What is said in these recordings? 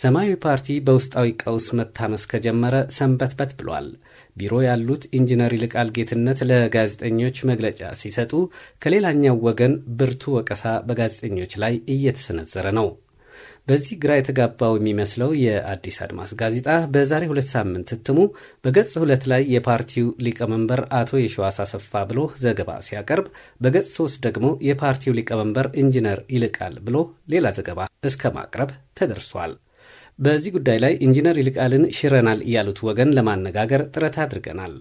ሰማያዊ ፓርቲ በውስጣዊ ቀውስ መታመስ ከጀመረ ሰንበትበት ብሏል። ቢሮ ያሉት ኢንጂነር ይልቃል ጌትነት ለጋዜጠኞች መግለጫ ሲሰጡ ከሌላኛው ወገን ብርቱ ወቀሳ በጋዜጠኞች ላይ እየተሰነዘረ ነው። በዚህ ግራ የተጋባው የሚመስለው የአዲስ አድማስ ጋዜጣ በዛሬ ሁለት ሳምንት እትሙ በገጽ ሁለት ላይ የፓርቲው ሊቀመንበር አቶ የሸዋስ አሰፋ ብሎ ዘገባ ሲያቀርብ በገጽ ሶስት ደግሞ የፓርቲው ሊቀመንበር ኢንጂነር ይልቃል ብሎ ሌላ ዘገባ እስከ ማቅረብ ተደርሷል። በዚህ ጉዳይ ላይ ኢንጂነር ይልቃልን ሽረናል ያሉት ወገን ለማነጋገር ጥረት አድርገናል።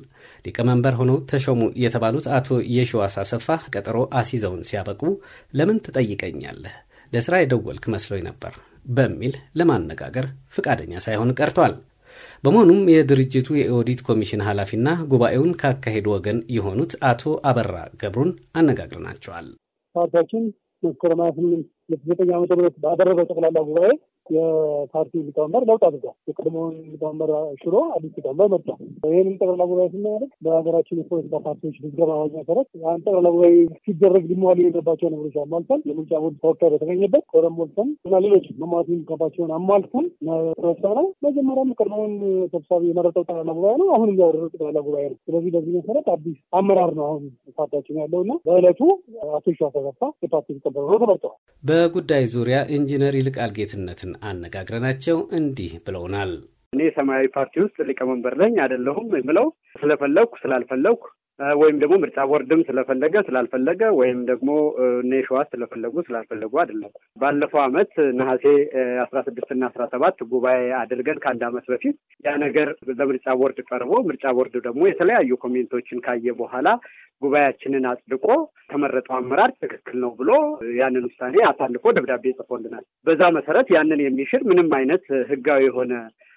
ሊቀመንበር ሆነው ተሾሙ የተባሉት አቶ የሸዋስ አሰፋ ቀጠሮ አስይዘውን ሲያበቁ ለምን ትጠይቀኛለህ? ለስራ የደወልክ መስሎኝ ነበር በሚል ለማነጋገር ፍቃደኛ ሳይሆን ቀርቷል። በመሆኑም የድርጅቱ የኦዲት ኮሚሽን ኃላፊና ጉባኤውን ካካሄዱ ወገን የሆኑት አቶ አበራ ገብሩን አነጋግረናቸዋል። ፓርቲያችን መስከረም ስምንት የዘጠኝ ዓመተ ምህረት ባደረገው ጠቅላላ ጉባኤ የፓርቲ ሊቀመንበር ለውጥ አድርጓል። የቀድሞውን ሊቀመንበር ሽሮ አዲስ ሊቀመንበር መጣ። ይህንም ጠቅላላ ጉባኤ ስናደርግ በሀገራችን የፖለቲካ ፓርቲዎች ምዝገባ አዋጅ መሰረት አንድ ጠቅላላ ጉባኤ ሲደረግ ሊሟሉ የገባቸው ነገሮች አሟልተን የምርጫ ቦርድ ተወካይ በተገኘበት ኮረም ሞልተን እና ሌሎች መሟላት የሚገባቸውን አሟልተን ረሳ ነው። መጀመሪያም ቀድሞውን ሰብሳቢ የመረጠው ጠቅላላ ጉባኤ ነው። አሁን እያወረደው ጠቅላላ ጉባኤ ነው። ስለዚህ በዚህ መሰረት አዲስ አመራር ነው አሁን ፓርቲያችን ያለው እና በእለቱ አቶ ሸዋ ተሰፋ የፓርቲ ሊቀመንበር ተመርጠዋል። በጉዳይ ዙሪያ ኢንጂነር ይልቃል ጌትነትን አነጋግረናቸው እንዲህ ብለውናል። እኔ ሰማያዊ ፓርቲ ውስጥ ሊቀመንበር ነኝ አይደለሁም የምለው ስለፈለግኩ ስላልፈለግኩ ወይም ደግሞ ምርጫ ቦርድም ስለፈለገ ስላልፈለገ ወይም ደግሞ ኔሸዋ ስለፈለጉ ስላልፈለጉ አይደለም። ባለፈው አመት ነሐሴ አስራ ስድስትና አስራ ሰባት ጉባኤ አድርገን ከአንድ ዓመት በፊት ያ ነገር ለምርጫ ቦርድ ቀርቦ ምርጫ ቦርድ ደግሞ የተለያዩ ኮሜንቶችን ካየ በኋላ ጉባኤያችንን አጽድቆ ተመረጠው አመራር ትክክል ነው ብሎ ያንን ውሳኔ አሳልፎ ደብዳቤ ጽፎልናል። በዛ መሰረት ያንን የሚሽር ምንም አይነት ህጋዊ የሆነ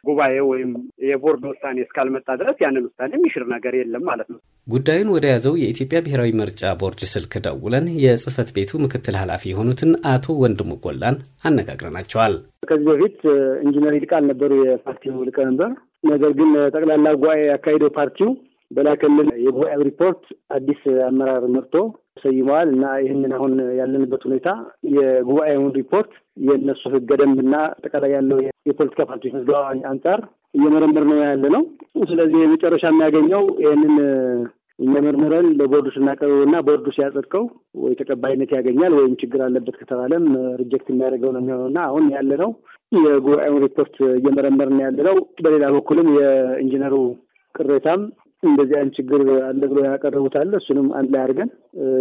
ጉባኤ ወይም የቦርድ ውሳኔ እስካልመጣ ድረስ ያንን ውሳኔ የሚሽር ነገር የለም ማለት ነው። ጉዳዩን ወደ ያዘው የኢትዮጵያ ብሔራዊ ምርጫ ቦርድ ስልክ ደውለን የጽህፈት ቤቱ ምክትል ኃላፊ የሆኑትን አቶ ወንድሙ ጎላን አነጋግረናቸዋል። ከዚህ በፊት ኢንጂነር ይልቃል ነበሩ የፓርቲው ሊቀመንበር። ነገር ግን ጠቅላላ ጉባኤ ያካሄደው ፓርቲው በላከልን የጉባኤው ሪፖርት አዲስ አመራር መርጦ ሰይመዋል እና ይህንን አሁን ያለንበት ሁኔታ የጉባኤውን ሪፖርት የእነሱ ህገ ደንብ ደንብና አጠቃላይ ያለው የፖለቲካ ፓርቲዎች ምዝገባ አንጻር እየመረመር ነው ያለ ነው። ስለዚህ የመጨረሻ የሚያገኘው ይህንን እየመርምረን ለቦርዱ ስናቀርብ ስናቀርበውና ቦርዱ ሲያጸድቀው ወይ ተቀባይነት ያገኛል ወይም ችግር አለበት ከተባለም ሪጀክት የሚያደርገው ነው የሚሆነው እና አሁን ያለ ነው የጉባኤውን ሪፖርት እየመረመርን ያለ ነው። በሌላ በኩልም የኢንጂነሩ ቅሬታም እንደዚህ አይነት ችግር አለ ብሎ ያቀረቡት አለ። እሱንም አንድ ላይ አድርገን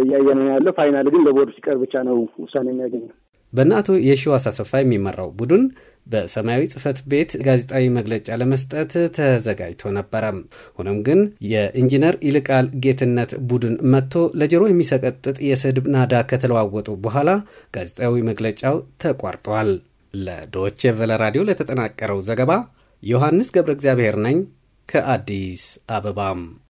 እያየን ነው ያለው። ፋይናል ግን በቦርድ ሲቀር ብቻ ነው ውሳኔ የሚያገኘው። በእነ አቶ የሺዋስ አሰፋ የሚመራው ቡድን በሰማያዊ ጽህፈት ቤት ጋዜጣዊ መግለጫ ለመስጠት ተዘጋጅቶ ነበረም። ሆኖም ግን የኢንጂነር ይልቃል ጌትነት ቡድን መጥቶ ለጆሮ የሚሰቀጥጥ የስድብ ናዳ ከተለዋወጡ በኋላ ጋዜጣዊ መግለጫው ተቋርጧል። ለዶቼ ቨለ ራዲዮ ለተጠናቀረው ዘገባ ዮሐንስ ገብረ እግዚአብሔር ነኝ ከአዲስ አበባም